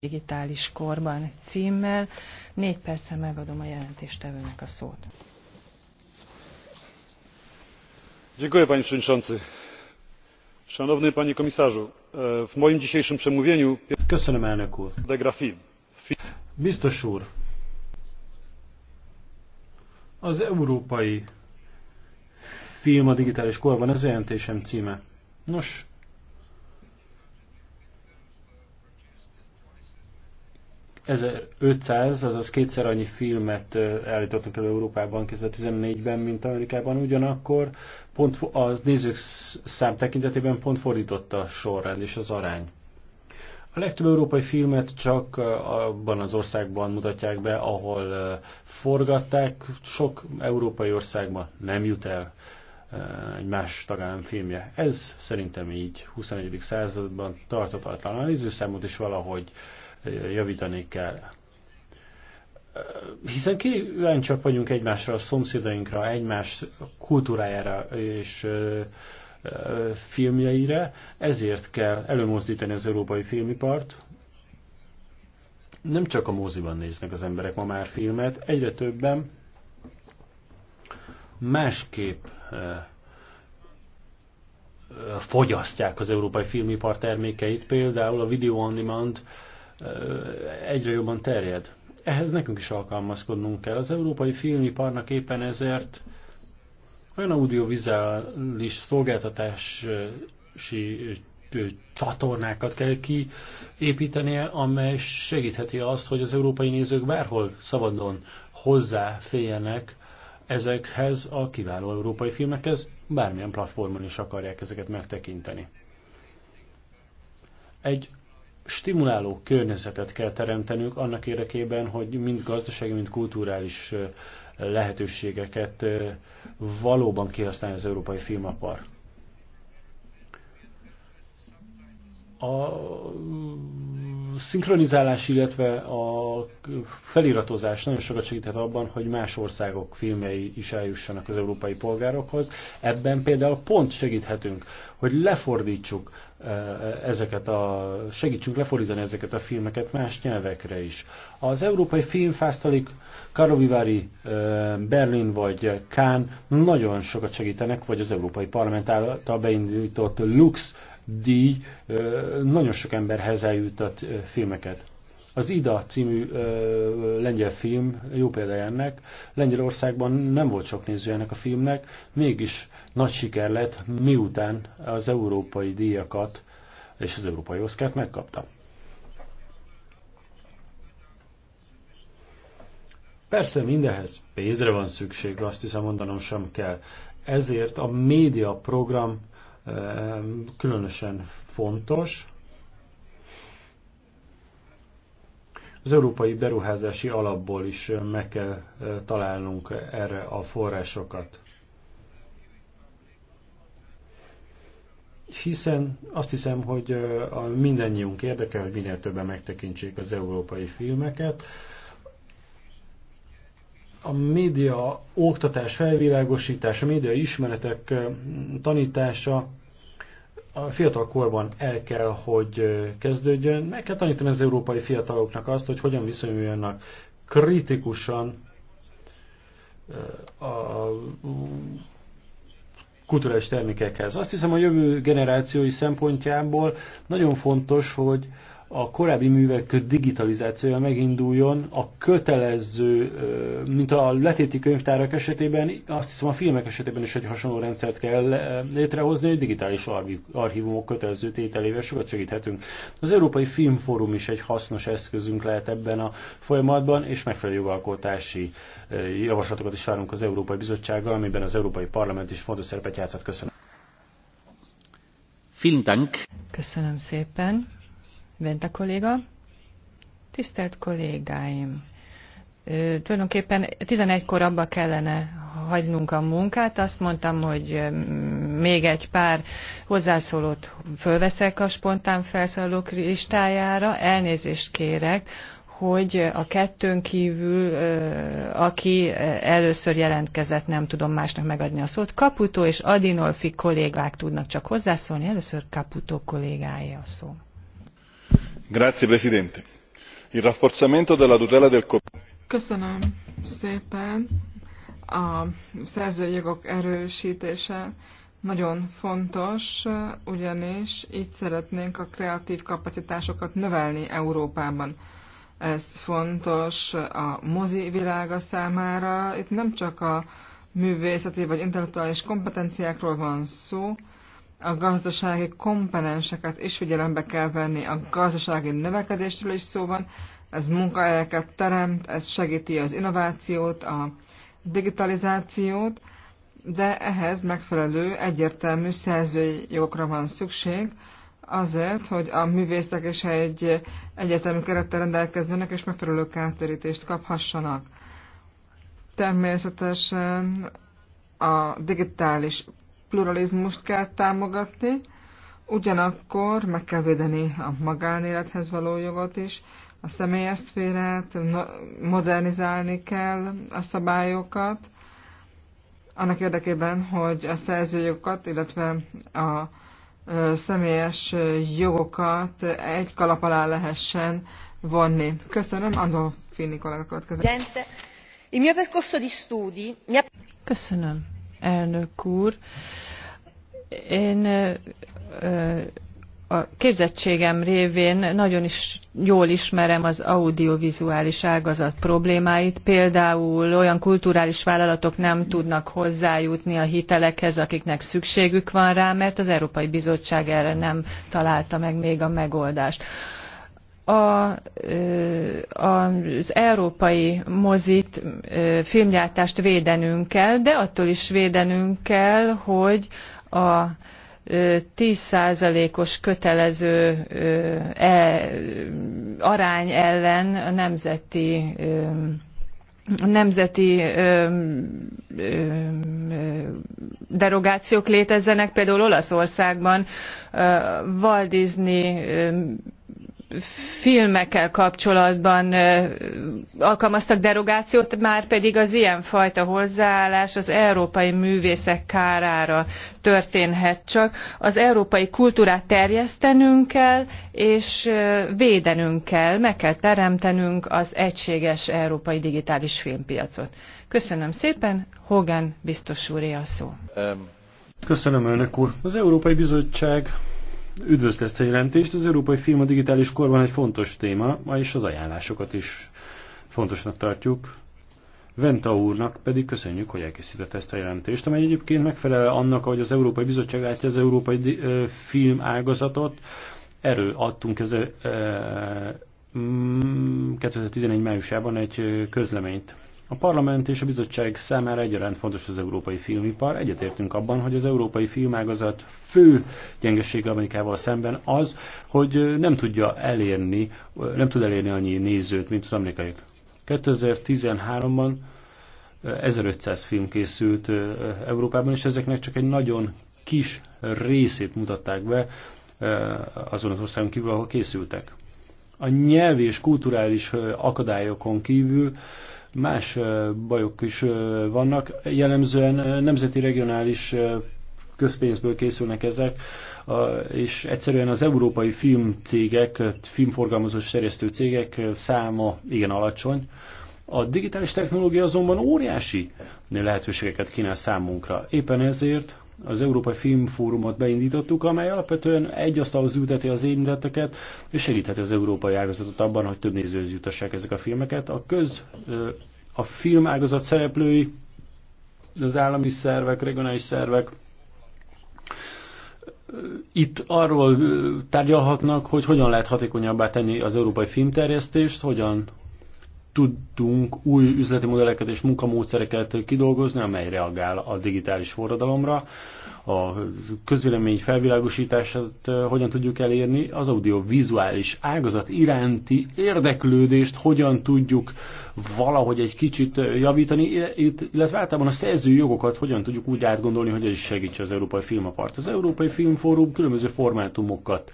digitális korban címmel. Négy persze megadom a jelentéstevőnek a szót. Dziękuję panie przewodniczący. Szanowny panie komisarzu, e, w moim dzisiejszym przemówieniu Köszönöm elnök úr. De Biztos úr. Az európai film a digitális korban, ez a jelentésem címe. Nos, 1500, azaz kétszer annyi filmet állítottak elő Európában 2014-ben, mint Amerikában, ugyanakkor pont a nézők szám tekintetében pont fordított a sorrend és az arány. A legtöbb európai filmet csak abban az országban mutatják be, ahol forgatták, sok európai országban nem jut el egy más tagállam filmje. Ez szerintem így 21. században tartatatlan. A nézőszámot is valahogy uh, javítani kell. Hiszen kíváncsiak vagyunk egymásra, a szomszédainkra, egymás kultúrájára és filmjeire, ezért kell előmozdítani az európai filmipart. Nem csak a moziban néznek az emberek ma már filmet, egyre többen másképp fogyasztják az európai filmipar termékeit, például a video on demand egyre jobban terjed. Ehhez nekünk is alkalmazkodnunk kell. Az Európai Filmiparnak éppen ezért olyan audiovizuális szolgáltatási csatornákat kell kiépítenie, amely segítheti azt, hogy az európai nézők bárhol szabadon hozzáférjenek ezekhez a kiváló európai filmekhez, bármilyen platformon is akarják ezeket megtekinteni. Egy stimuláló környezetet kell teremtenünk annak érdekében, hogy mind gazdasági, mind kulturális lehetőségeket valóban kihasználja az európai filmapar. A szinkronizálás, illetve a feliratozás nagyon sokat segíthet abban, hogy más országok filmjei is eljussanak az európai polgárokhoz. Ebben például pont segíthetünk, hogy lefordítsuk e, ezeket a, segítsünk lefordítani ezeket a filmeket más nyelvekre is. Az Európai Filmfásztalik Karovivári e, Berlin vagy Kán nagyon sokat segítenek, vagy az Európai Parlament által beindított Lux díj nagyon sok emberhez eljutott filmeket. Az Ida című ö, lengyel film jó példája ennek. Lengyelországban nem volt sok néző ennek a filmnek, mégis nagy siker lett, miután az európai díjakat és az európai oszkárt megkapta. Persze mindehez pénzre van szükség, azt hiszem mondanom sem kell. Ezért a média program különösen fontos. Az európai beruházási alapból is meg kell találnunk erre a forrásokat. Hiszen azt hiszem, hogy mindannyiunk érdeke, hogy minél többen megtekintsék az európai filmeket, a média oktatás, felvilágosítás, a média ismeretek tanítása a fiatal korban el kell, hogy kezdődjön. Meg kell tanítani az európai fiataloknak azt, hogy hogyan viszonyuljanak kritikusan a kulturális termékekhez. Azt hiszem a jövő generációi szempontjából nagyon fontos, hogy a korábbi művek digitalizációja meginduljon, a kötelező, mint a letéti könyvtárak esetében, azt hiszem a filmek esetében is egy hasonló rendszert kell létrehozni, hogy digitális archívumok kötelező tételével sokat segíthetünk. Az Európai Filmforum is egy hasznos eszközünk lehet ebben a folyamatban, és megfelelő jogalkotási javaslatokat is várunk az Európai Bizottsággal, amiben az Európai Parlament is fontos szerepet játszott. Köszönöm. Vielen Dank. Köszönöm szépen. Venta kolléga. Tisztelt kollégáim! Tulajdonképpen 11-kor abba kellene hagynunk a munkát. Azt mondtam, hogy még egy pár hozzászólót fölveszek a spontán felszállók listájára. Elnézést kérek, hogy a kettőn kívül, aki először jelentkezett, nem tudom másnak megadni a szót. Kaputó és Adinolfi kollégák tudnak csak hozzászólni. Először Kaputó kollégája a szó il rafforzamento della tutela del copyright. a szerzői jogok erősítése nagyon fontos, ugyanis így szeretnénk a kreatív kapacitásokat növelni Európában. Ez fontos a mozi világa számára. Itt nem csak a művészeti vagy intellektuális kompetenciákról van szó, a gazdasági komponenseket is figyelembe kell venni. A gazdasági növekedésről is szó van, ez munkahelyeket teremt, ez segíti az innovációt, a digitalizációt, de ehhez megfelelő egyértelmű szerzői jogokra van szükség, azért, hogy a művészek is egy egyértelmű kerettel rendelkezzenek, és megfelelő kártérítést kaphassanak. Természetesen a digitális pluralizmust kell támogatni, ugyanakkor meg kell védeni a magánélethez való jogot is, a személyes szférát, modernizálni kell a szabályokat, annak érdekében, hogy a szerzőjogokat, illetve a személyes jogokat egy kalap alá lehessen vonni. Köszönöm, Andolfini kollega következő. Köszönöm elnök úr. Én a képzettségem révén nagyon is jól ismerem az audiovizuális ágazat problémáit. Például olyan kulturális vállalatok nem tudnak hozzájutni a hitelekhez, akiknek szükségük van rá, mert az Európai Bizottság erre nem találta meg még a megoldást a, az európai mozit filmgyártást védenünk kell, de attól is védenünk kell, hogy a 10%-os kötelező e, arány ellen a nemzeti nemzeti ö, ö, derogációk létezzenek. Például Olaszországban ö, Walt Disney ö, filmekkel kapcsolatban alkalmaztak derogációt, már pedig az ilyenfajta hozzáállás az európai művészek kárára történhet csak. Az európai kultúrát terjesztenünk kell, és védenünk kell, meg kell teremtenünk az egységes európai digitális filmpiacot. Köszönöm szépen, Hogan biztos úré a szó. Köszönöm önök úr. Az Európai Bizottság üdvözlő ezt a jelentést, az európai film a digitális korban egy fontos téma, is az ajánlásokat is fontosnak tartjuk. Venta úrnak pedig köszönjük, hogy elkészített ezt a jelentést, amely egyébként megfelel annak, ahogy az Európai Bizottság látja az európai film ágazatot. Erő adtunk ez 2011 májusában egy közleményt a parlament és a bizottság számára egyaránt fontos az európai filmipar. Egyetértünk abban, hogy az európai filmágazat fő gyengesége Amerikával szemben az, hogy nem tudja elérni, nem tud elérni annyi nézőt, mint az amerikai. 2013-ban 1500 film készült Európában, és ezeknek csak egy nagyon kis részét mutatták be azon az országon kívül, ahol készültek. A nyelvi és kulturális akadályokon kívül más bajok is vannak. Jellemzően nemzeti regionális közpénzből készülnek ezek, és egyszerűen az európai filmcégek, filmforgalmazó szerjesztő cégek száma igen alacsony. A digitális technológia azonban óriási lehetőségeket kínál számunkra. Éppen ezért az Európai Filmfórumot beindítottuk, amely alapvetően egy asztalhoz ülteti az érintetteket, és segítheti az európai ágazatot abban, hogy több nézőhöz jutassák ezek a filmeket. A köz, a film ágazat szereplői, az állami szervek, regionális szervek, itt arról tárgyalhatnak, hogy hogyan lehet hatékonyabbá tenni az európai filmterjesztést, hogyan tudtunk új üzleti modelleket és munkamódszereket kidolgozni, amely reagál a digitális forradalomra. A közvélemény felvilágosítását hogyan tudjuk elérni, az audiovizuális ágazat iránti érdeklődést hogyan tudjuk valahogy egy kicsit javítani, illetve általában a szerző jogokat hogyan tudjuk úgy átgondolni, hogy ez is segítse az Európai Filmapart. Az Európai Filmforum különböző formátumokat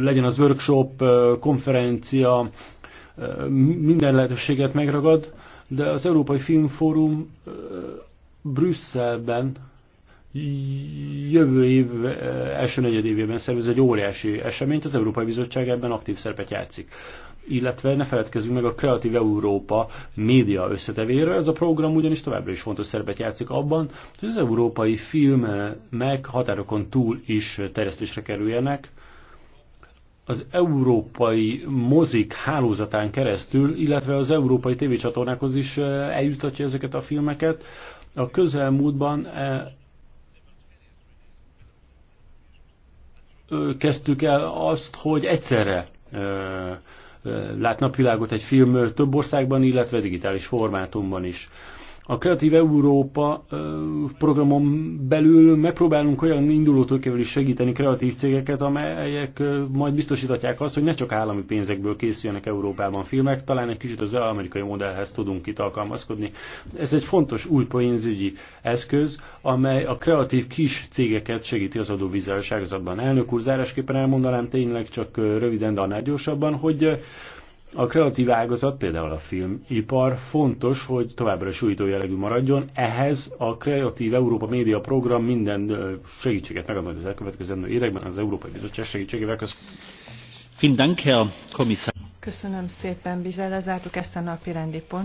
legyen az workshop, konferencia, minden lehetőséget megragad, de az Európai Filmfórum Brüsszelben jövő év első negyedévében szervez egy óriási eseményt, az Európai Bizottság ebben aktív szerepet játszik illetve ne feledkezzünk meg a Kreatív Európa média összetevéről. Ez a program ugyanis továbbra is fontos szerepet játszik abban, hogy az európai filmek határokon túl is terjesztésre kerüljenek, az európai mozik hálózatán keresztül, illetve az európai tévécsatornákhoz is eh, eljutatja ezeket a filmeket. A közelmúltban eh, kezdtük el azt, hogy egyszerre eh, lát napvilágot egy film több országban, illetve digitális formátumban is. A Kreatív Európa programon belül megpróbálunk olyan indulótőkével is segíteni kreatív cégeket, amelyek majd biztosítatják azt, hogy ne csak állami pénzekből készüljenek Európában filmek, talán egy kicsit az amerikai modellhez tudunk itt alkalmazkodni. Ez egy fontos új pénzügyi eszköz, amely a kreatív kis cégeket segíti az adóvizelőságazatban. Elnök úr, zárásképpen elmondanám tényleg csak röviden, de annál gyorsabban, hogy a kreatív ágazat, például a filmipar fontos, hogy továbbra is újító jellegű maradjon. Ehhez a Kreatív Európa Média Program minden segítséget megad majd az elkövetkezendő években az Európai Bizottság segítségével. Köszönöm szépen, Bizel, lezártuk ezt a napi rendi pont.